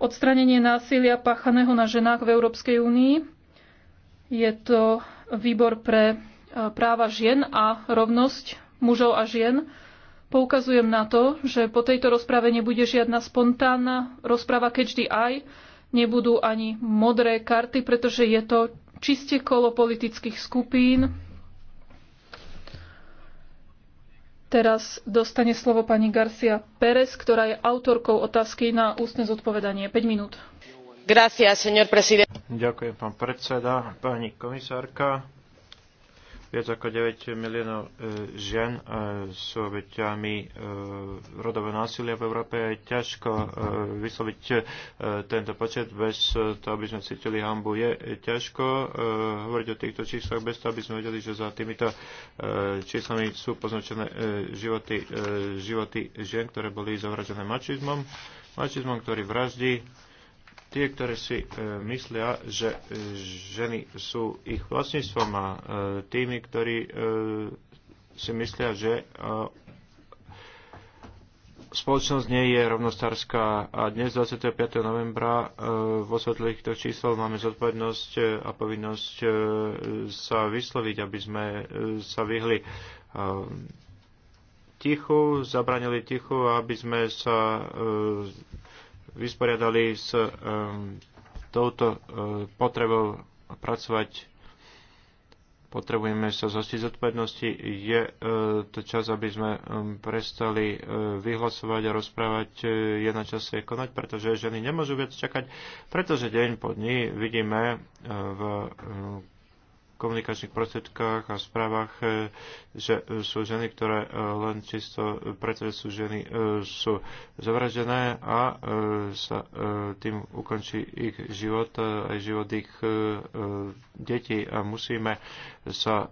odstranenie násilia páchaného na ženách v Európskej únii. Je to výbor pre e, práva žien a rovnosť mužov a žien. Poukazujem na to, že po tejto rozprave nebude žiadna spontánna rozprava, keďždy aj nebudú ani modré karty, pretože je to čiste kolo politických skupín, Teraz dostane slovo pani Garcia Pérez, ktorá je autorkou otázky na ústne zodpovedanie. 5 minút. Gracias, señor Ďakujem, pán predseda, pani komisárka. Viac ako 9 miliónov e, žien e, sú obeťami e, rodového násilia v Európe. Je ťažko vysloviť tento počet bez toho, aby sme cítili hambu. Je ťažko hovoriť o týchto číslach bez toho, aby sme vedeli, že za týmito číslami sú poznačené životy, životy žien, ktoré boli zavražené mačizmom, mačizmom, ktorý vraždí tie, ktoré si e, myslia, že e, ženy sú ich vlastníctvom a e, tými, ktorí si myslia, že spoločnosť nie je rovnostárska a dnes 25. novembra vo osvetlých týchto čísel máme zodpovednosť a povinnosť sa vysloviť, aby sme sa vyhli tichu, zabranili tichu, aby sme sa vysporiadali s ehm, touto eh, potrebou pracovať potrebujeme sa zhostiť zodpovednosti, je eh, to čas, aby sme ehm, prestali eh, vyhlasovať a rozprávať, je na čase konať, pretože ženy nemôžu viac čakať, pretože deň po dní vidíme v ehm, komunikačných prostriedkách a správach, e, že e, sú ženy, ktoré e, len čisto preto, že sú ženy, sú zavražené a sa tým ukončí ich život, aj život ich detí a musíme sa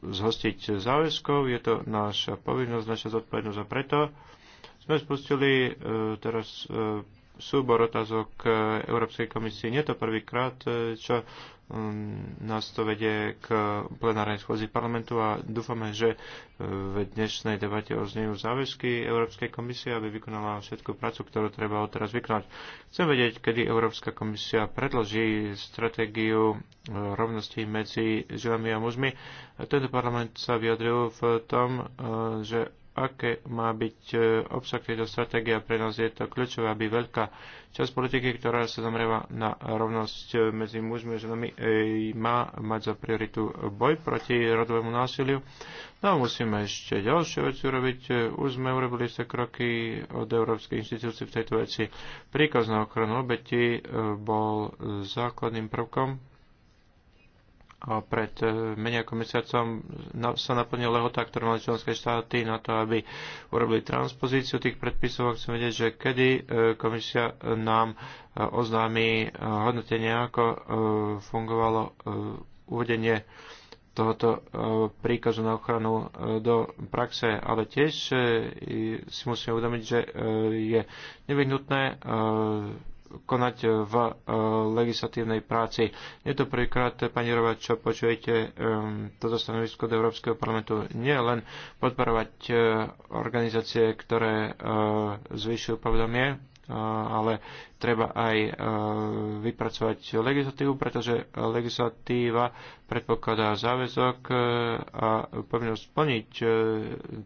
zhostiť záväzkov. Je to naša povinnosť, naša zodpovednosť a preto sme spustili teraz súbor otázok Európskej komisie. Nie je to prvýkrát, čo Ehm, nás to vedie k plenárnej schôdzi parlamentu a dúfame, že e, v dnešnej debate oznejú záväzky Európskej komisie, aby vykonala všetku prácu, ktorú treba odteraz vykonať. Chcem vedieť, kedy Európska komisia predloží stratégiu e, rovnosti medzi ženami a mužmi. E, tento parlament sa vyjadril v tom, že aké má byť e, obsah tejto stratégie. Pre nás je to kľúčové, aby veľká časť politiky, ktorá sa zamrieva na rovnosť e, medzi mužmi a ženami, e, má mať za prioritu boj proti rodovému násiliu. No a musíme ešte ďalšie veci urobiť. Už sme urobili sa kroky od Európskej inštitúcie v tejto veci. Príkaz na ochranu obeti bol základným prvkom a pred e, menej ako mesiacom sa naplnila lehota, ktorú mali členské štáty na to, aby urobili transpozíciu tých predpisov. Chcem vedieť, že kedy e, komisia nám e, oznámi hodnotenie, ako fungovalo uvedenie tohoto príkazu na ochranu do praxe, ale tiež si musíme uvedomiť, že je nevyhnutné konať e, v e, legislatívnej práci. Je to prvýkrát, pani Rova, čo počujete e, toto stanovisko do Európskeho parlamentu. Nie len podporovať organizácie, ktoré zvyšujú povedomie ale treba aj e, vypracovať legislatívu, pretože legislatíva predpokladá záväzok e, a povinnosť splniť e,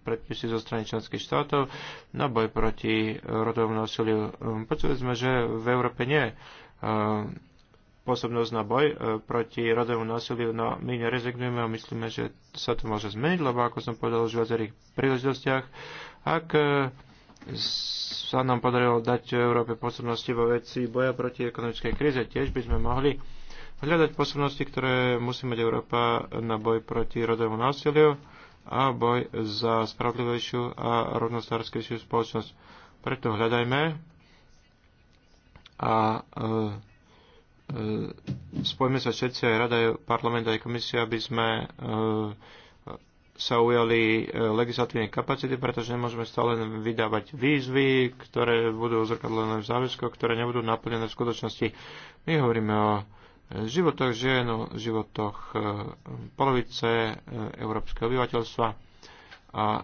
predpisy zo strany členských štátov na boj proti rodovému násiliu. Počuli sme, že v Európe nie pôsobnosť na boj proti rodovému násiliu, no my nerezignujeme a myslíme, že sa to môže zmeniť, lebo ako som povedal už v viacerých príležitostiach, ak sa nám podarilo dať v Európe posobnosti vo veci boja proti ekonomickej kríze. Tiež by sme mohli hľadať posobnosti, ktoré musí mať Európa na boj proti rodovému násiliu a boj za spravodlivejšiu a rovnostárskejšiu spoločnosť. Preto hľadajme a e, e, spojme sa všetci aj rada, aj parlament, aj komisia, aby sme e, sa ujali e, legislatívnej kapacity, pretože nemôžeme stále vydávať výzvy, ktoré budú zrkadlené v záväzku, ktoré nebudú naplnené v skutočnosti. My hovoríme o životoch žien, o životoch e, polovice e, európskeho obyvateľstva a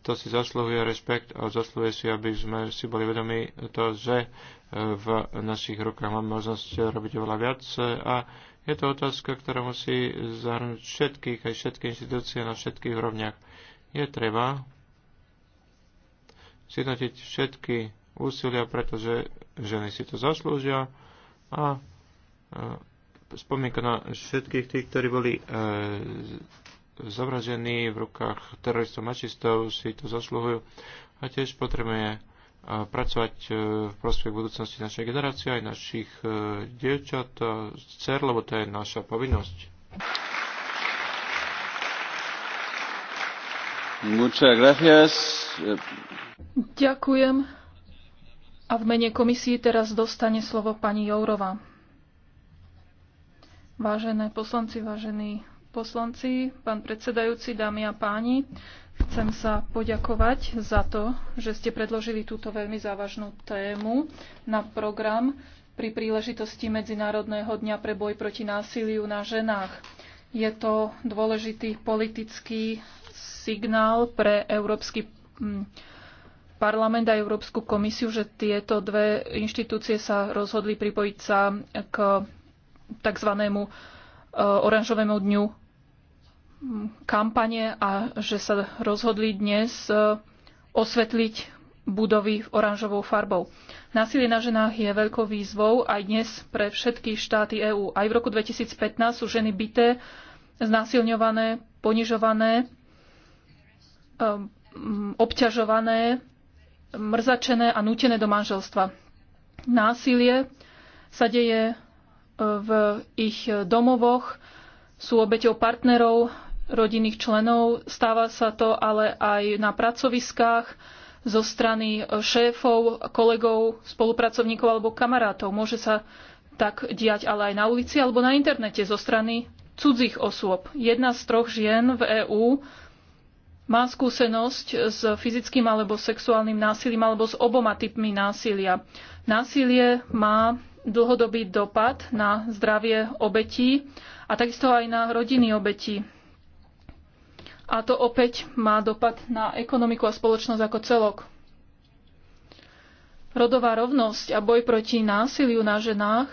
to si zasluhuje rešpekt a zaslúhuje si, aby sme si boli vedomi to, že v našich rukách máme možnosť robiť oveľa viac a je to otázka, ktorá musí zahrnúť všetkých, aj všetky inštitúcie na všetkých úrovniach. Je treba zjednotiť všetky úsilia, pretože ženy si to zaslúžia a spomínka na všetkých tých, ktorí boli e, zavražení v rukách teroristov mačistov, si to zasluhujú. A tiež potrebuje a pracovať e, v prospech budúcnosti našej generácie aj našich e, dievčat a dcer, lebo to je naša povinnosť. Ďakujem. A v mene komisii teraz dostane slovo pani Jourova. Vážené poslanci, vážení poslanci, pán predsedajúci, dámy a páni. Chcem sa poďakovať za to, že ste predložili túto veľmi závažnú tému na program pri príležitosti Medzinárodného dňa pre boj proti násiliu na ženách. Je to dôležitý politický signál pre Európsky mm, parlament a Európsku komisiu, že tieto dve inštitúcie sa rozhodli pripojiť sa k tzv e, oranžovému dňu kampane a že sa rozhodli dnes e, osvetliť budovy oranžovou farbou. Násilie na ženách je veľkou výzvou aj dnes pre všetky štáty EÚ. Aj v roku 2015 sú ženy bité, znásilňované, ponižované, e, obťažované, mrzačené a nútené do manželstva. Násilie sa deje e, v ich domovoch, sú obeťou partnerov, rodinných členov. Stáva sa to ale aj na pracoviskách zo strany šéfov, kolegov, spolupracovníkov alebo kamarátov. Môže sa tak diať ale aj na ulici alebo na internete zo strany cudzích osôb. Jedna z troch žien v EÚ má skúsenosť s fyzickým alebo sexuálnym násilím alebo s oboma typmi násilia. Násilie má dlhodobý dopad na zdravie obetí a takisto aj na rodiny obetí a to opäť má dopad na ekonomiku a spoločnosť ako celok. Rodová rovnosť a boj proti násiliu na ženách,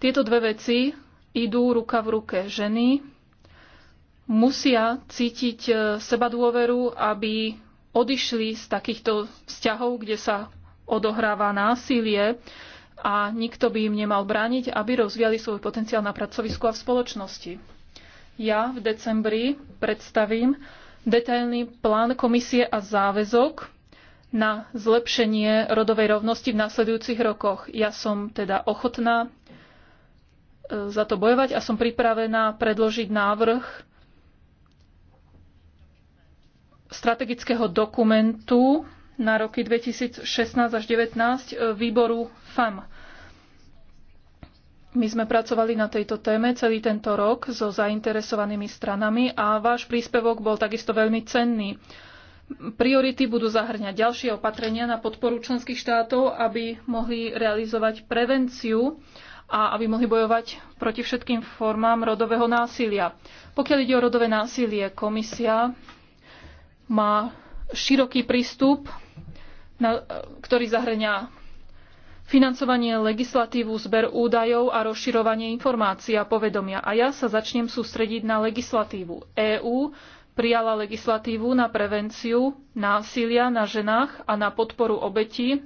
tieto dve veci idú ruka v ruke. Ženy musia cítiť e, seba dôveru, aby odišli z takýchto vzťahov, kde sa odohráva násilie a nikto by im nemal brániť, aby rozvíjali svoj potenciál na pracovisku a v spoločnosti ja v decembri predstavím detailný plán komisie a záväzok na zlepšenie rodovej rovnosti v nasledujúcich rokoch. Ja som teda ochotná e, za to bojovať a som pripravená predložiť návrh strategického dokumentu na roky 2016 až 2019 e, výboru FAM. My sme pracovali na tejto téme celý tento rok so zainteresovanými stranami a váš príspevok bol takisto veľmi cenný. Priority budú zahrňať ďalšie opatrenia na podporu členských štátov, aby mohli realizovať prevenciu a aby mohli bojovať proti všetkým formám rodového násilia. Pokiaľ ide o rodové násilie, komisia má široký prístup, ktorý zahrňa financovanie legislatívu, zber údajov a rozširovanie informácií a povedomia. A ja sa začnem sústrediť na legislatívu. EÚ prijala legislatívu na prevenciu násilia na ženách a na podporu obetí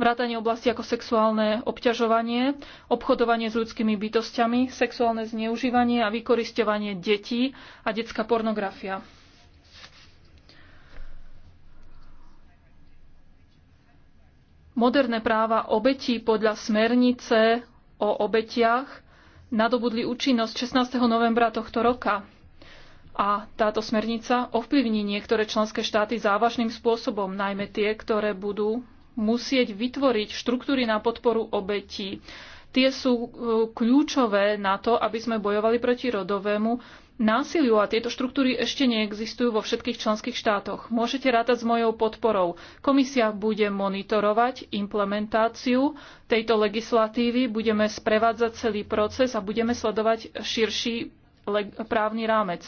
vrátanie oblasti ako sexuálne obťažovanie, obchodovanie s ľudskými bytostiami, sexuálne zneužívanie a vykorisťovanie detí a detská pornografia. Moderné práva obetí podľa smernice o obetiach nadobudli účinnosť 16. novembra tohto roka. A táto smernica ovplyvní niektoré členské štáty závažným spôsobom, najmä tie, ktoré budú musieť vytvoriť štruktúry na podporu obetí. Tie sú e, kľúčové na to, aby sme bojovali proti rodovému násiliu a tieto štruktúry ešte neexistujú vo všetkých členských štátoch. Môžete rátať s mojou podporou. Komisia bude monitorovať implementáciu tejto legislatívy, budeme sprevádzať celý proces a budeme sledovať širší právny rámec.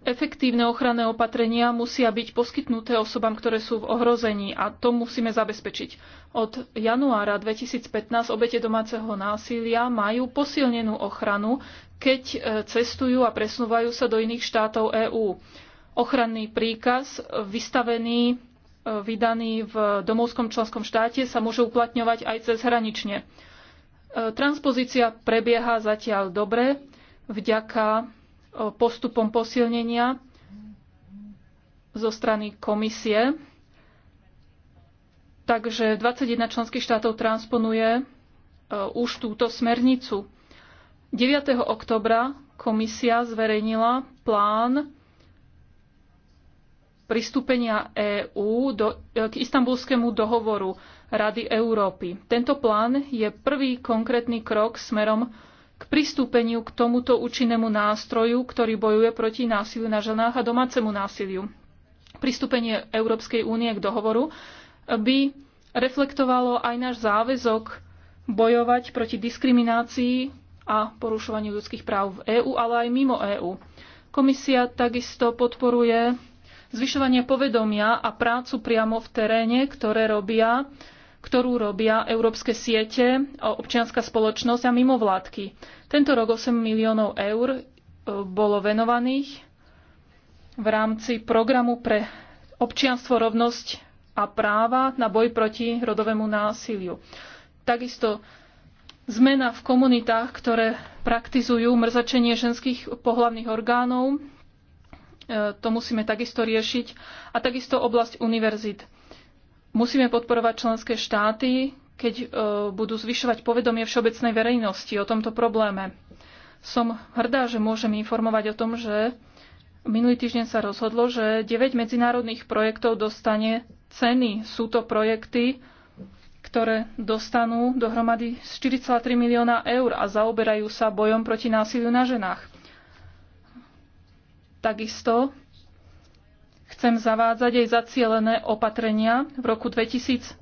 Efektívne ochranné opatrenia musia byť poskytnuté osobám, ktoré sú v ohrození a to musíme zabezpečiť. Od januára 2015 obete domáceho násilia majú posilnenú ochranu, keď e, cestujú a presúvajú sa do iných štátov EÚ. Ochranný príkaz vystavený, e, vydaný v domovskom členskom štáte sa môže uplatňovať aj cez hranične. Transpozícia prebieha zatiaľ dobre vďaka postupom posilnenia zo strany komisie. Takže 21 členských štátov transponuje e, už túto smernicu. 9. oktobra komisia zverejnila plán pristúpenia EÚ do, e, k istambulskému dohovoru Rady Európy. Tento plán je prvý konkrétny krok smerom k pristúpeniu k tomuto účinnému nástroju, ktorý bojuje proti násiliu na ženách a domácemu násiliu. Pristúpenie Európskej únie k dohovoru by reflektovalo aj náš záväzok bojovať proti diskriminácii a porušovaniu ľudských práv v EÚ, ale aj mimo EÚ. Komisia takisto podporuje zvyšovanie povedomia a prácu priamo v teréne, ktoré robia ktorú robia európske siete, e, občianská spoločnosť a mimovládky. Tento rok 8 miliónov eur e, bolo venovaných v rámci programu pre občianstvo, rovnosť a práva na boj proti rodovému násiliu. Takisto zmena v komunitách, ktoré praktizujú mrzačenie ženských pohlavných orgánov, e, to musíme takisto riešiť, a takisto oblasť univerzit. Musíme podporovať členské štáty, keď e, budú zvyšovať povedomie všeobecnej verejnosti o tomto probléme. Som hrdá, že môžem informovať o tom, že minulý týždeň sa rozhodlo, že 9 medzinárodných projektov dostane ceny. Sú to projekty, ktoré dostanú dohromady 4,3 milióna eur a zaoberajú sa bojom proti násiliu na ženách. Takisto chcem zavádzať aj zacielené opatrenia v roku 2017.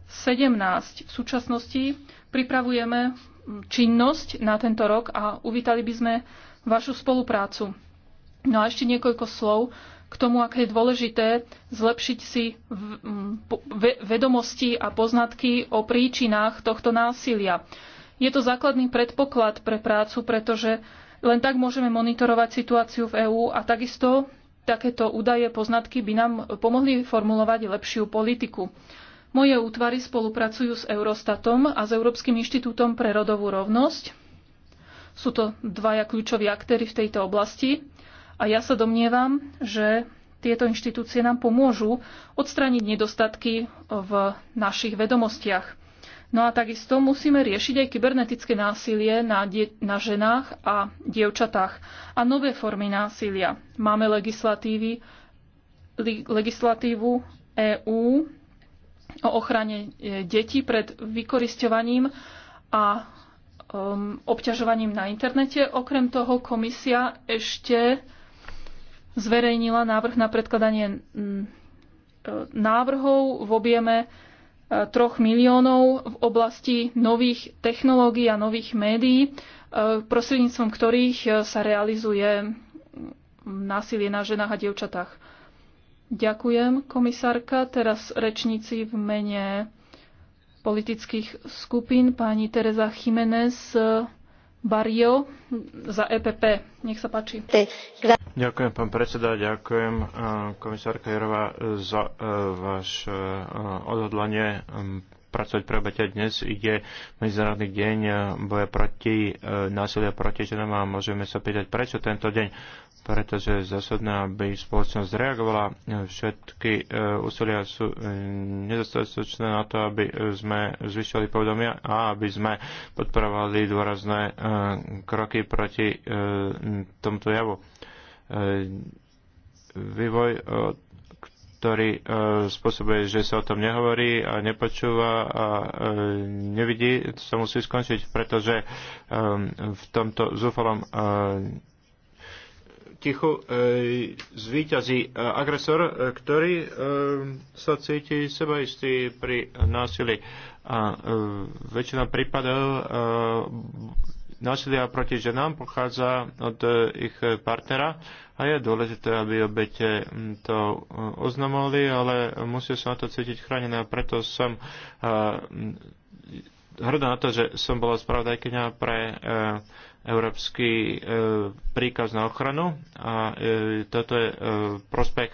V súčasnosti pripravujeme činnosť na tento rok a uvítali by sme vašu spoluprácu. No a ešte niekoľko slov k tomu, aké je dôležité zlepšiť si vedomosti a poznatky o príčinách tohto násilia. Je to základný predpoklad pre prácu, pretože len tak môžeme monitorovať situáciu v EÚ a takisto takéto údaje, poznatky by nám pomohli formulovať lepšiu politiku. Moje útvary spolupracujú s Eurostatom a s Európskym inštitútom pre rodovú rovnosť. Sú to dvaja kľúčoví aktéry v tejto oblasti a ja sa domnievam, že tieto inštitúcie nám pomôžu odstrániť nedostatky v našich vedomostiach. No a takisto musíme riešiť aj kybernetické násilie na, na ženách a dievčatách a nové formy násilia. Máme legislatívy, legislatívu EÚ o ochrane e, detí pred vykoristovaním a um, obťažovaním na internete. Okrem toho komisia ešte zverejnila návrh na predkladanie mm, e, návrhov v objeme troch miliónov v oblasti nových technológií a nových médií, e, prostredníctvom ktorých e, sa realizuje násilie na ženách a dievčatách. Ďakujem, komisárka. Teraz rečníci v mene politických skupín. Pani Teresa Jiménez Barrio za EPP. Nech sa páči. Ďakujem, pán predseda, ďakujem e, komisárka Jerová za e, vaše e, odhodlanie pracovať pre obete. Dnes ide Medzinárodný deň boja proti násilia proti ženám a môžeme sa pýtať, prečo tento deň pretože je zásadné, aby spoločnosť reagovala. Všetky e, úsilia sú e, nedostatočné na to, aby sme zvyšili povedomia a aby sme podporovali dôrazné e, kroky proti tomuto javu. Vývoj ktorý e, spôsobuje, že sa o tom nehovorí a nepočúva a e, nevidí, sa musí skončiť, pretože e, v tomto zúfalom e, tichu e, zvíťazí e, agresor, e, ktorý sa cíti sebaistý pri násilí. A väčšina prípadov násilia proti ženám pochádza od ich partnera a je dôležité, aby obete to oznamovali, ale musia sa na to cítiť chránené a preto som hrdá na to, že som bola spravodajkyňa pre európsky e, príkaz na ochranu a e, toto je e, prospech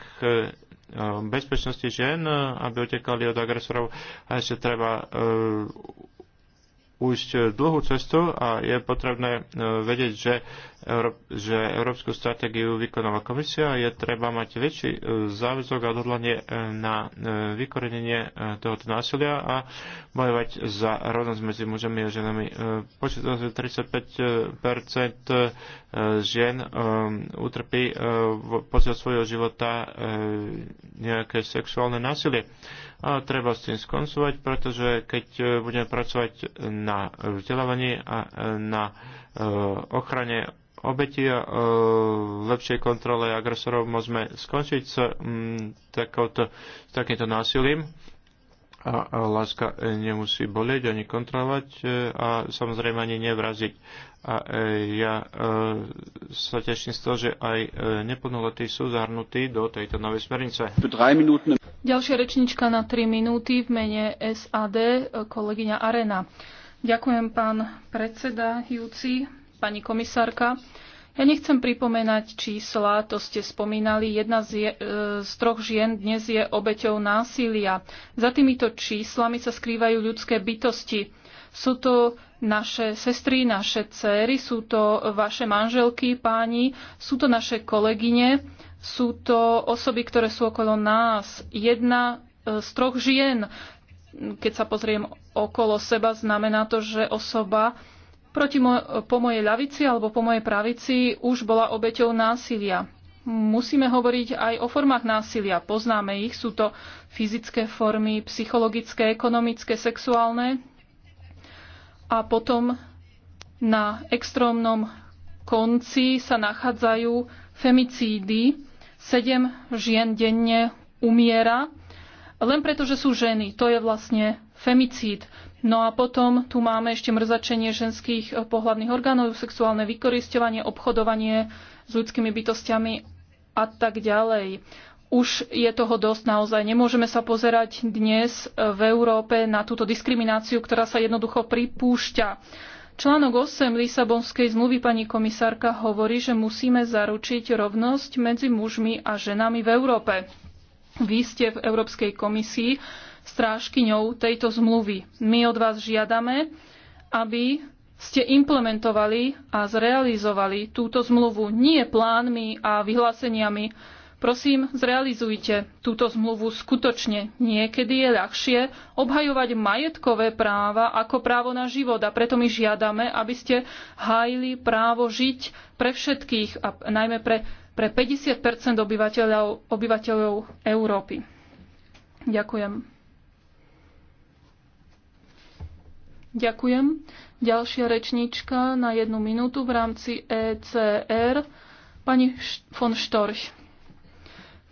bezpečnosti žien, aby utekali od agresorov a ešte treba ujsť e, dlhú cestu a je potrebné e, vedieť, že, Euró- že európsku stratégiu vykonáva komisia a je treba mať väčší e, záväzok a odhodlanie na vykorenenie tohoto násilia a bojovať za rovnosť medzi mužami a ženami. Počítam, že 35 žien utrpí počas svojho života nejaké sexuálne násilie a treba s tým skoncovať, pretože keď e, budeme pracovať na vzdelávaní a e, na e, ochrane obeti a lepšej kontrole agresorov, môžeme skončiť s, mm, takouto, s takýmto násilím a láska e, nemusí boleť ani kontrolovať e, a samozrejme ani nevraziť. A e, ja sa teším z toho, že aj neplnoletí sú zahrnutí do tejto novej smernice. Ďalšia rečnička na 3 minúty v mene SAD, kolegyňa Arena. Ďakujem, pán predseda Júci, pani komisárka. Ja nechcem pripomenať čísla, to ste spomínali. Jedna z, je, e, z troch žien dnes je obeťou násilia. Za týmito číslami sa skrývajú ľudské bytosti. Sú to naše sestry, naše céry, sú to vaše manželky, páni, sú to naše kolegyne, sú to osoby, ktoré sú okolo nás. Jedna e, z troch žien, keď sa pozriem okolo seba, znamená to, že osoba proti mo- po mojej ľavici alebo po mojej pravici už bola obeťou násilia. Musíme hovoriť aj o formách násilia. Poznáme ich, sú to fyzické formy, psychologické, ekonomické, sexuálne. A potom na extrémnom konci sa nachádzajú femicídy. Sedem žien denne umiera len preto, že sú ženy. To je vlastne femicíd. No a potom tu máme ešte mrzačenie ženských eh, pohľadných orgánov, sexuálne vykoristovanie, obchodovanie s ľudskými bytostiami a tak ďalej. Už je toho dosť naozaj. Nemôžeme sa pozerať dnes eh, v Európe na túto diskrimináciu, ktorá sa jednoducho pripúšťa. Článok 8 Lisabonskej zmluvy pani komisárka hovorí, že musíme zaručiť rovnosť medzi mužmi a ženami v Európe. Vy ste v Európskej komisii strážkyňou tejto zmluvy. My od vás žiadame, aby ste implementovali a zrealizovali túto zmluvu nie plánmi a vyhláseniami. Prosím, zrealizujte túto zmluvu skutočne. Niekedy je ľahšie obhajovať majetkové práva ako právo na život a preto my žiadame, aby ste hájili právo žiť pre všetkých a najmä pre, pre 50 obyvateľov, obyvateľov Európy. Ďakujem. Ďakujem. Ďalšia rečníčka na jednu minútu v rámci ECR, pani von Štorch.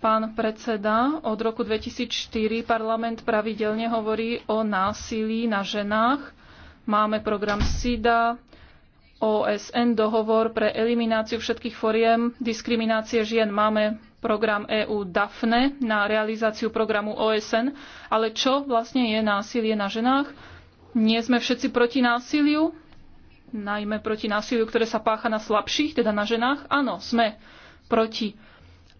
Pán predseda, od roku 2004 parlament pravidelne hovorí o násilí na ženách. Máme program SIDA, OSN dohovor pre elimináciu všetkých foriem diskriminácie žien. Máme program EU DAFNE na realizáciu programu OSN. Ale čo vlastne je násilie na ženách? Nie sme všetci proti násiliu, najmä proti násiliu, ktoré sa pácha na slabších, teda na ženách. Áno, sme proti.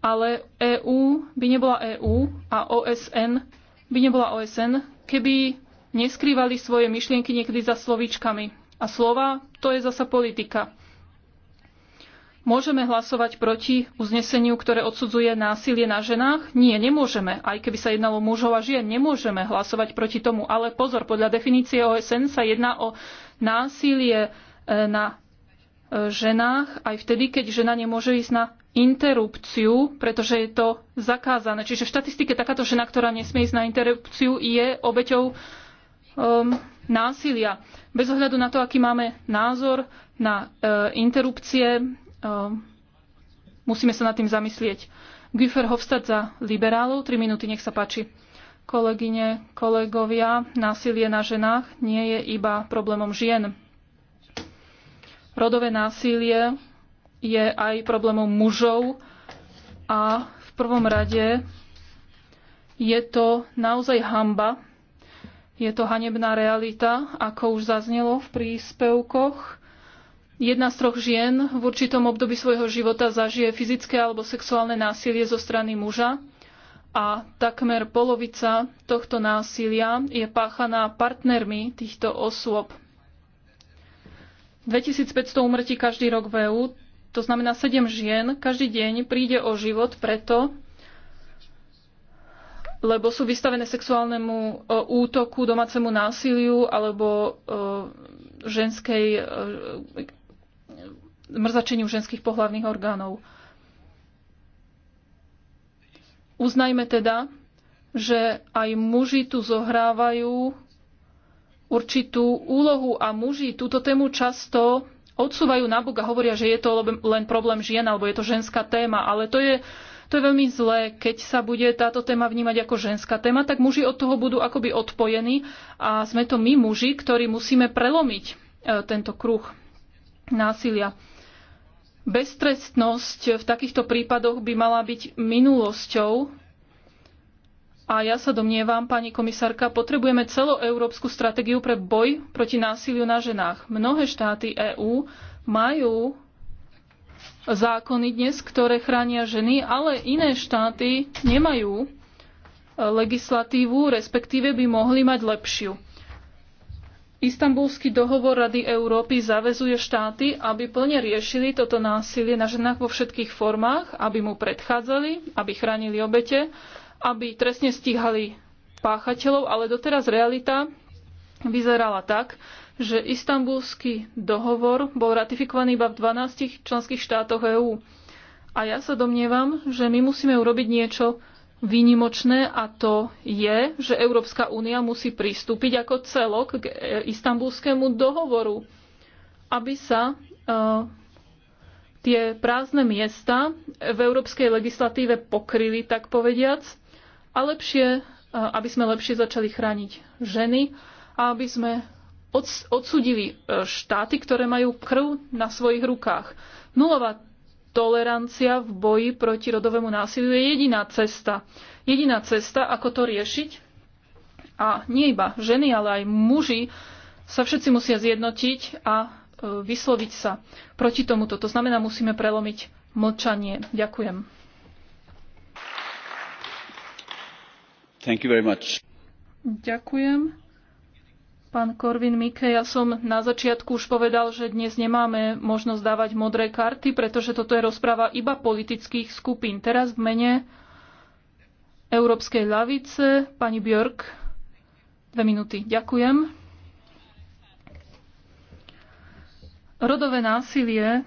Ale EÚ by nebola EÚ a OSN by nebola OSN, keby neskrývali svoje myšlienky niekedy za slovíčkami. A slova, to je zasa politika. Môžeme hlasovať proti uzneseniu, ktoré odsudzuje násilie na ženách? Nie, nemôžeme. Aj keby sa jednalo mužov a žien, nemôžeme hlasovať proti tomu. Ale pozor, podľa definície OSN sa jedná o násilie e, na e, ženách aj vtedy, keď žena nemôže ísť na interrupciu, pretože je to zakázané. Čiže v štatistike takáto žena, ktorá nesmie ísť na interrupciu, je obeťou um, násilia. Bez ohľadu na to, aký máme názor na e, interrupcie, Ehm, musíme sa nad tým zamyslieť. Güfer Hofstad za liberálov, tri minúty, nech sa páči. Kolegyne, kolegovia, násilie na ženách nie je iba problémom žien. Rodové násilie je aj problémom mužov a v prvom rade je to naozaj hamba, je to hanebná realita, ako už zaznelo v príspevkoch Jedna z troch žien v určitom období svojho života zažije fyzické alebo sexuálne násilie zo strany muža a takmer polovica tohto násilia je páchaná partnermi týchto osôb. 2500 umrtí každý rok v EU, to znamená 7 žien, každý deň príde o život preto, lebo sú vystavené sexuálnemu e, útoku, domácemu násiliu alebo e, ženskej e, mrzačeniu ženských pohlavných orgánov. Uznajme teda, že aj muži tu zohrávajú určitú úlohu a muži túto tému často odsúvajú nabok a hovoria, že je to len problém žien alebo je to ženská téma. Ale to je, to je veľmi zlé. Keď sa bude táto téma vnímať ako ženská téma, tak muži od toho budú akoby odpojení a sme to my muži, ktorí musíme prelomiť e, tento kruh násilia. Beztrestnosť v takýchto prípadoch by mala byť minulosťou a ja sa domnievam, pani komisárka, potrebujeme celoeurópsku stratégiu pre boj proti násiliu na ženách. Mnohé štáty EÚ majú zákony dnes, ktoré chránia ženy, ale iné štáty nemajú eh, legislatívu, respektíve by mohli mať lepšiu. Istanbulský dohovor Rady Európy zavezuje štáty, aby plne riešili toto násilie na ženách vo všetkých formách, aby mu predchádzali, aby chránili obete, aby trestne stíhali páchateľov, ale doteraz realita vyzerala tak, že Istanbulský dohovor bol ratifikovaný iba v 12 členských štátoch EÚ. A ja sa domnievam, že my musíme urobiť niečo výnimočné a to je, že Európska únia musí pristúpiť ako celok k istambulskému dohovoru, aby sa e, tie prázdne miesta v európskej legislatíve pokryli, tak povediac, a lepšie, e, aby sme lepšie začali chrániť ženy a aby sme odsudili e, štáty, ktoré majú krv na svojich rukách. Nulová tolerancia v boji proti rodovému násiliu je jediná cesta. Jediná cesta, ako to riešiť. A nie iba ženy, ale aj muži sa všetci musia zjednotiť a e, vysloviť sa proti tomuto. To znamená, musíme prelomiť mlčanie. Ďakujem. Thank you very much. Ďakujem. Pán Korvin Mike, ja som na začiatku už povedal, že dnes nemáme možnosť dávať modré karty, pretože toto je rozpráva iba politických skupín. Teraz v mene Európskej ľavice, pani Björk, dve minúty. Ďakujem. Rodové násilie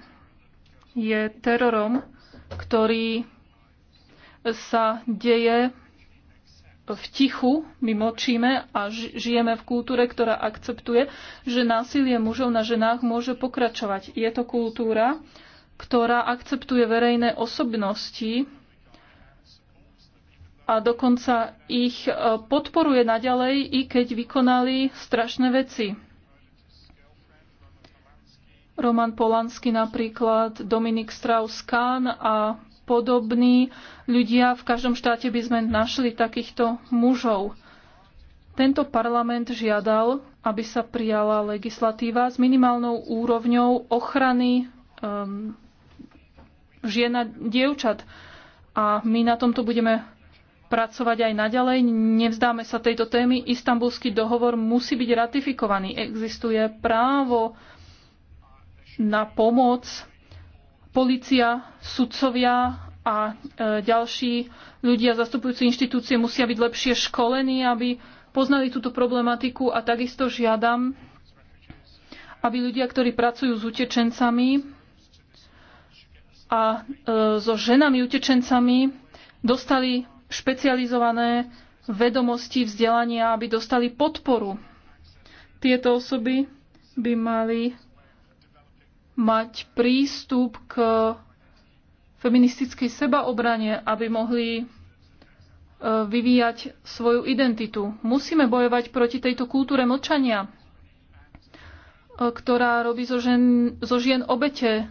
je terorom, ktorý sa deje v tichu, my močíme a žijeme v kultúre, ktorá akceptuje, že násilie mužov na ženách môže pokračovať. Je to kultúra, ktorá akceptuje verejné osobnosti a dokonca ich e, podporuje naďalej, i keď vykonali strašné veci. Roman Polanský napríklad, Dominik Strauss-Kahn a podobní ľudia. V každom štáte by sme našli takýchto mužov. Tento parlament žiadal, aby sa prijala legislatíva s minimálnou úrovňou ochrany um, žien a dievčat. A my na tomto budeme pracovať aj naďalej. Nevzdáme sa tejto témy. Istanbulský dohovor musí byť ratifikovaný. Existuje právo na pomoc Polícia, sudcovia a e, ďalší ľudia zastupujúci inštitúcie musia byť lepšie školení, aby poznali túto problematiku a takisto žiadam, aby ľudia, ktorí pracujú s utečencami a e, so ženami utečencami, dostali špecializované vedomosti, vzdelania, aby dostali podporu. Tieto osoby by mali mať prístup k feministickej sebaobrane, aby mohli e, vyvíjať svoju identitu. Musíme bojovať proti tejto kultúre mlčania, e, ktorá robí zo žien, zo žien obete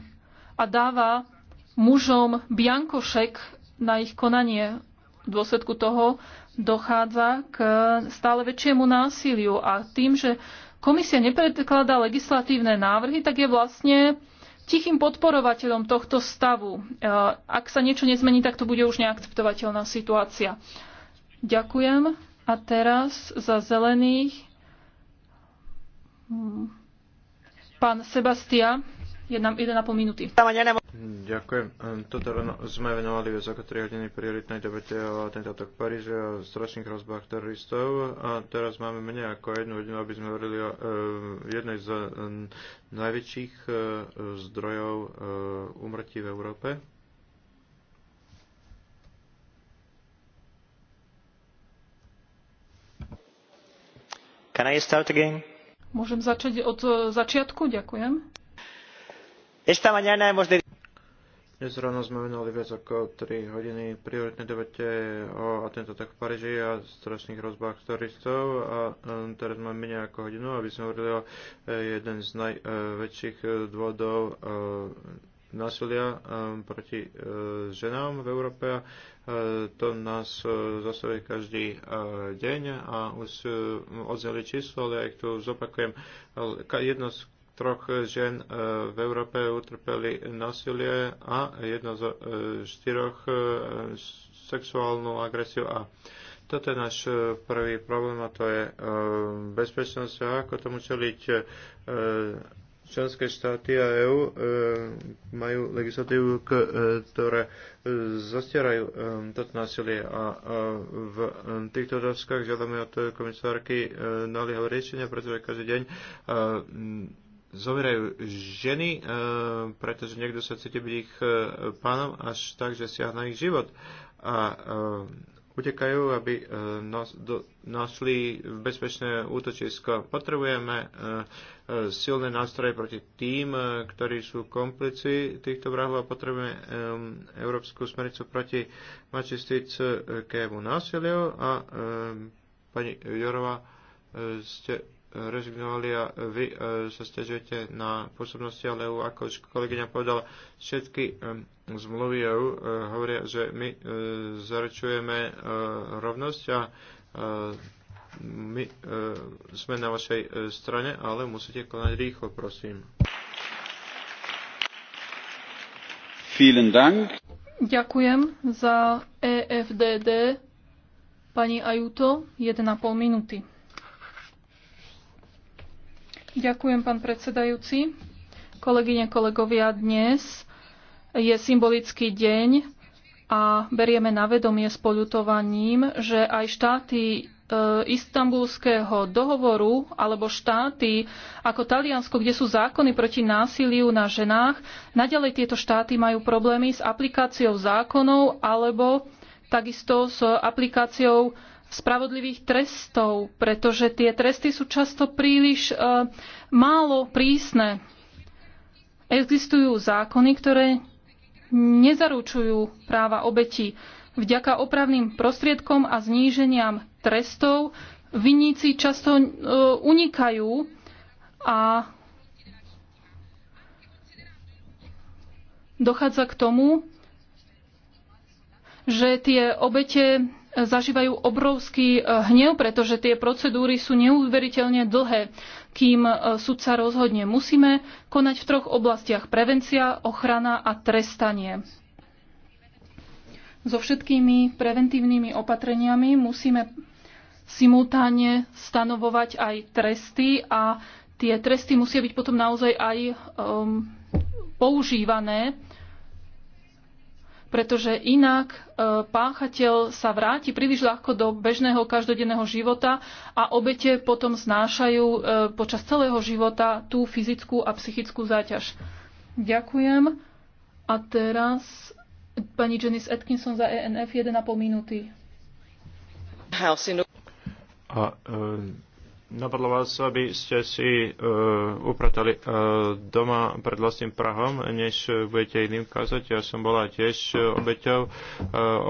a dáva mužom biankošek na ich konanie. V dôsledku toho dochádza k stále väčšiemu násiliu a tým, že komisia nepredkladá legislatívne návrhy, tak je vlastne tichým podporovateľom tohto stavu. E, ak sa niečo nezmení, tak to bude už neakceptovateľná situácia. Ďakujem. A teraz za zelených mm, pán Sebastian. 1,5 minúty. Ďakujem. Ehm, toto sme venovali viac ako 3 hodiny prioritnej debete o atentátoch v Paríži a strašných rozbách teroristov. A teraz máme menej ako jednu hodinu, aby sme hovorili o ehm, jednej z ehm, najväčších zdrojov umrtí v Európe. Can I start again? Môžem začať od e, začiatku, ďakujem. Esta mañana hemos de... Dnes ráno sme venovali viac ako 3 hodiny prioritnej debate o atentátoch v Paríži a strašných rozbách teroristov a teraz máme menej ako hodinu, aby sme hovorili o e, jeden z najväčších e, dôvodov e, násilia proti ženám v Európe a to nás zasahuje každý deň a už odzneli číslo, ale ja ich tu zopakujem. Jedno z troch žien e, v Európe utrpeli násilie a jedno z e, štyroch e, sexuálnu agresiu a toto je náš prvý problém a to je bezpečnosť a ako tomu čeliť členské štáty a EU majú legislatívu, ktoré zastierajú toto násilie a v týchto otázkach žiadame od komisárky naliehavé riešenia, pretože každý deň zomierajú ženy, e, pretože niekto sa cíti byť ich e, pánom až tak, že siahna ich život. A e, utekajú, aby e, nos, do, našli bezpečné útočisko. Potrebujeme e, e, silné nástroje proti tým, e, ktorí sú komplici týchto vrahov a potrebujeme e, Európsku smericu proti mačistickému násiliu a e, pani Jorová. E, ste rezignovali a vy e, sa stiažujete na pôsobnosti, ale ako už kolegyňa povedala, všetky e, zmluvy EU e, hovoria, že my zaručujeme rovnosť a my sme na vašej strane, ale musíte konať rýchlo, prosím. Vielen Dank. Ďakujem za EFDD. Pani Ajuto, 1,5 minúty. Ďakujem, pán predsedajúci. Kolegyne, kolegovia, dnes je symbolický deň a berieme na vedomie s poľutovaním, že aj štáty e, istambulského dohovoru alebo štáty ako Taliansko, kde sú zákony proti násiliu na ženách, naďalej tieto štáty majú problémy s aplikáciou zákonov alebo takisto s aplikáciou spravodlivých trestov, pretože tie tresty sú často príliš e, málo prísne. Existujú zákony, ktoré nezaručujú práva obetí. Vďaka opravným prostriedkom a zníženiam trestov vinníci často e, unikajú a dochádza k tomu, že tie obete zažívajú obrovský e, hnev, pretože tie procedúry sú neuveriteľne dlhé, kým e, sudca rozhodne. Musíme konať v troch oblastiach. Prevencia, ochrana a trestanie. So všetkými preventívnymi opatreniami musíme simultáne stanovovať aj tresty a tie tresty musia byť potom naozaj aj um, používané pretože inak e, páchateľ sa vráti príliš ľahko do bežného každodenného života a obete potom znášajú e, počas celého života tú fyzickú a psychickú záťaž. Ďakujem. A teraz pani Janice Atkinson za ENF 1,5 minúty. A e, Napadlo vás, aby ste si uh, upratali uh, doma pred vlastným Prahom, než budete iným kázať. Ja som bola tiež obeťou uh,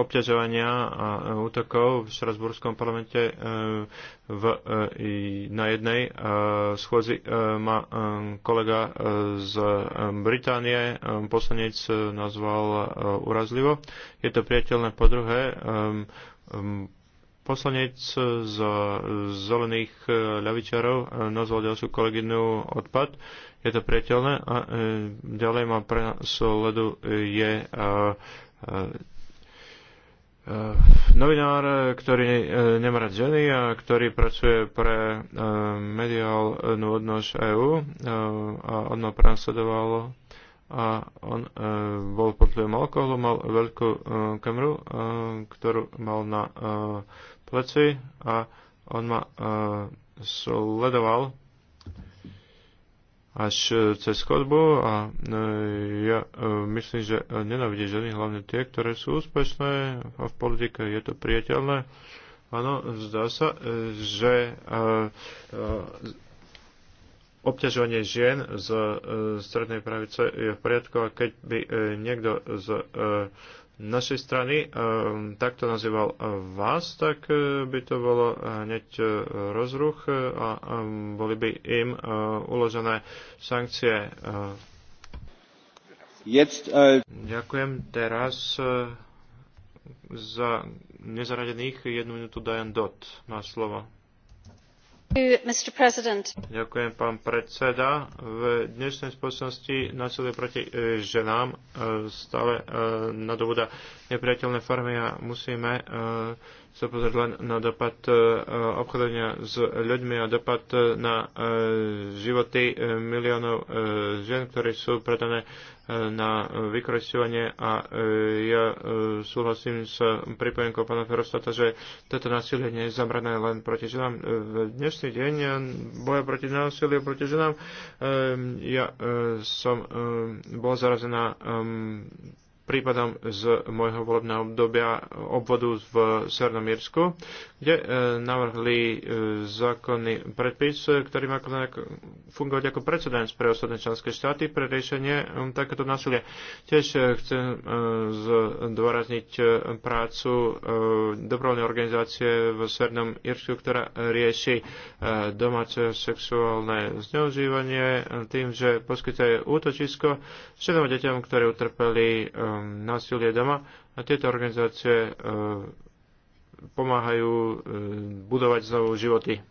obťažovania a uh, útokov v Štrasburskom parlamente. Uh, v, uh, na jednej uh, schôzi uh, ma um, kolega uh, z um, Británie, um, poslanec, uh, nazval uh, urazlivo. Je to priateľné po druhé. Um, um, Poslanec z zelených e, ľavičarov e, nazval ďalšiu kolegynu odpad. Je to priateľné. A e, ďalej ma pre sledu je novinár, ktorý nemá rád ženy a ktorý pracuje pre mediálnu odnož EU a on ma prenasledovalo a on bol pod vplyvom alkoholu, mal veľkú kameru, ktorú mal na pleci a on ma e, sledoval až cez chodbu a e, ja e, myslím, že nenávidí ženy, hlavne tie, ktoré sú úspešné a v politike je to priateľné. Áno, zdá sa, že obťažovanie žien z e, strednej pravice je v poriadku a keď by e, niekto z e, našej strany takto nazýval vás, tak by to bolo hneď rozruch a boli by im uložené sankcie. Jetzt, uh... Ďakujem teraz za nezaradených jednu minútu Diane Dot má slovo. Ďakujem, pán predseda. V dnešnej spoločnosti násilie proti e, ženám e, stále e, nadobúda nepriateľné formy a musíme sa pozrieť len na dopad e, obchodovania s ľuďmi a dopad e, na e, životy miliónov žien, ktoré sú predané na vykoristovanie a ja súhlasím s pripojenkou pána Ferostata, že toto násilie nie je zamrané len proti ženám. V dnešný deň boja proti násiliu proti ženám ja som bola zarazená prípadom z môjho volebného obdobia obvodu v Severnom Írsku, kde e, navrhli e, zákonný predpis, e, ktorý má fungovať ako precedens pre ostatné členské štáty pre riešenie um, takéto násilia. Tiež chcem zdôrazniť prácu dobrovoľnej organizácie v Severnom Írsku, ktorá rieši domáce sexuálne zneužívanie tým, že poskytuje útočisko všetkým deťom, ktoré utrpeli Um, násilie doma a tieto organizácie uh, pomáhajú uh, budovať znovu životy.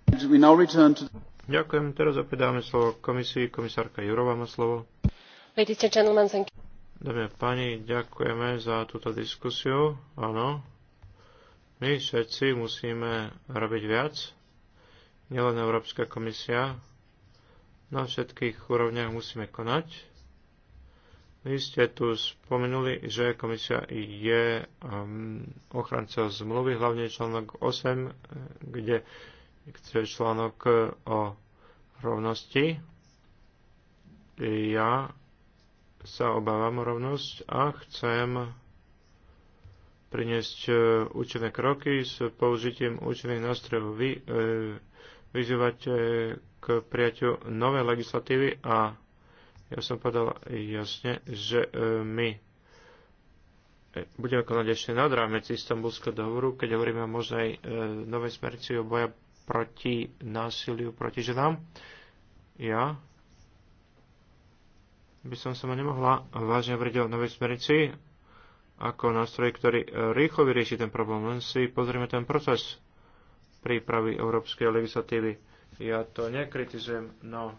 Ďakujem. Teraz opäť dáme slovo komisii. Komisárka Jurová má slovo. Dámy a páni, ďakujeme za túto diskusiu. Áno, my všetci musíme robiť viac, nielen Európska komisia. Na všetkých úrovniach musíme konať vy ste tu spomenuli, že komisia je um, ochranca zmluvy, hlavne článok 8, kde chce článok o rovnosti. Ja sa obávam o rovnosť a chcem priniesť uh, účinné kroky s použitím účinných nástrojov. Vy e, vyzývate uh, k prijaťu novej legislatívy a ja som povedal jasne, že e, my e, budeme konať ešte nad rámec istambulského dohovoru, keď hovoríme o možnej e, novej smerci o boja proti násiliu proti ženám. Ja by som sa ma nemohla vážne vrieť o novej smerci ako nástroj, ktorý rýchlo vyrieši ten problém. Len si pozrieme ten proces prípravy európskej legislatívy. Ja to nekritizujem, no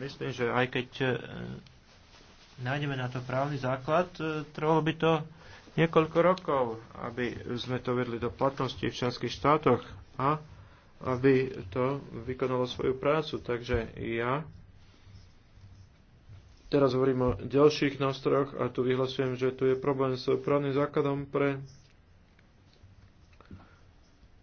myslím, že aj keď e, nájdeme na to právny základ, e, trvalo by to niekoľko rokov, aby sme to vedli do platnosti v členských štátoch a aby to vykonalo svoju prácu. Takže ja teraz hovorím o ďalších nástrojoch a tu vyhlasujem, že tu je problém s právnym základom pre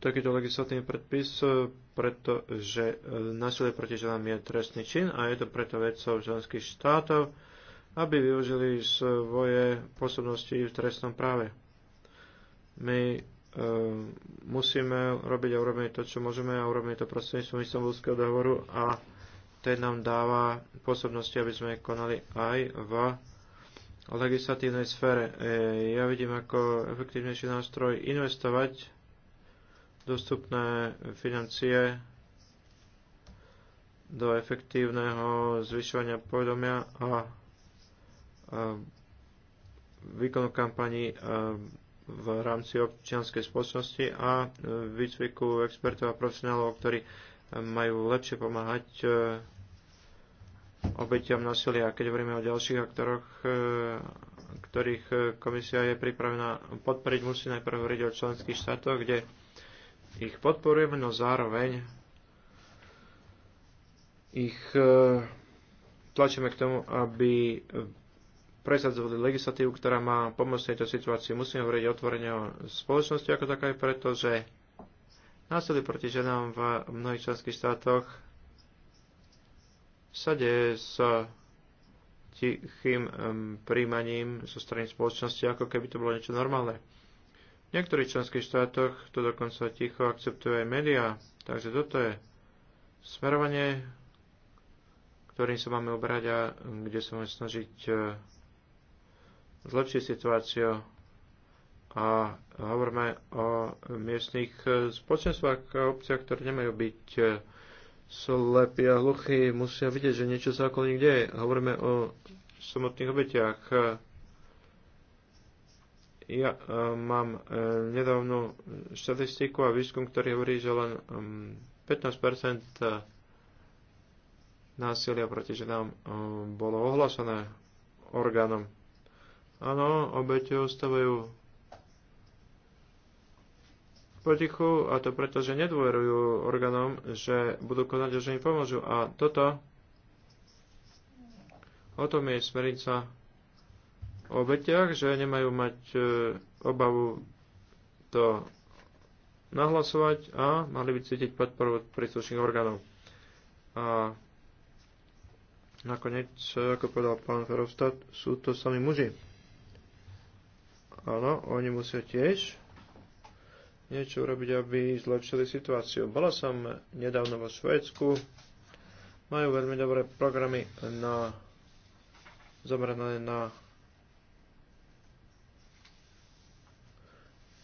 takýto legislatívny predpis, e, pretože e, násilie proti ženám je trestný čin a je to preto vedcov členských štátov, aby využili svoje pôsobnosti v trestnom práve. My e, musíme robiť a urobiť to, čo môžeme a urobiť to prostredníctvom istambulského dohovoru a ten nám dáva posobnosti, aby sme konali aj v legislatívnej sfére. E, ja vidím ako efektívnejší nástroj investovať dostupné financie do efektívneho zvyšovania povedomia a výkonu kampaní v rámci občianskej spoločnosti a e, výcviku expertov a profesionálov, ktorí e, majú lepšie pomáhať e, obetiam násilia. A keď hovoríme o ďalších aktoroch, ktorých komisia je pripravená podporiť, musí najprv hovoriť o členských štátoch, kde ich podporujeme, no zároveň ich e, tlačíme k tomu, aby presadzovali legislatívu, ktorá má pomôcť tejto situácii. Musíme hovoriť otvorene o spoločnosti ako také, pretože násilie proti ženám v mnohých členských štátoch sa deje s tichým príjmaním zo strany spoločnosti, ako keby to bolo niečo normálne. V niektorých členských štátoch to dokonca ticho akceptuje aj médiá, takže toto je smerovanie, ktorým sa máme obrať a kde sa máme snažiť e, zlepšiť situáciu a hovoríme o miestnych spoločenstvách a obciach, ktoré nemajú byť e, slepí a hluchí, musia vidieť, že niečo sa okolo nich deje. Hovoríme o samotných obetiach. Ja e, mám e, nedávnu štatistiku a výskum, ktorý hovorí, že len 15% mm, e, násilia proti ženám bolo ohlasené orgánom. Áno, obete ostávajú potichu a to preto, že nedôverujú orgánom, že budú konať že im pomôžu. A toto, o tom je smernica obetiach, že nemajú mať e, obavu to nahlasovať a mali by cítiť podporu od príslušných orgánov. A nakoniec, ako povedal pán Ferovstad, sú to sami muži. Áno, oni musia tiež niečo urobiť, aby zlepšili situáciu. Bola som nedávno vo Švédsku. Majú veľmi dobré programy na zamerané na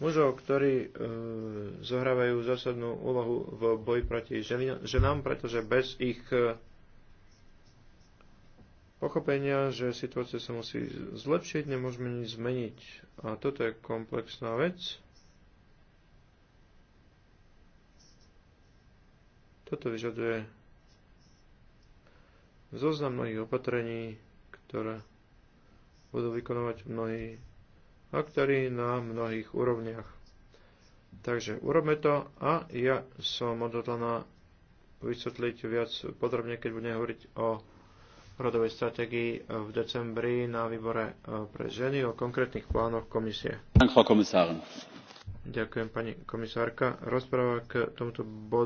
mužov, ktorí e, zohrávajú zásadnú úlohu v boji proti ženám, pretože bez ich e, pochopenia, že situácia sa musí zlepšiť, nemôžeme nič zmeniť. A toto je komplexná vec. Toto vyžaduje zoznam mnohých opatrení, ktoré budú vykonovať mnohí ktorý na mnohých úrovniach. Takže urobme to a ja som odhodlaná vysvetliť viac podrobne, keď budem hovoriť o rodovej stratégii v decembri na výbore e, pre ženy o konkrétnych plánoch komisie. Ďakujem, pani komisárka. Rozpráva k tomuto bodu.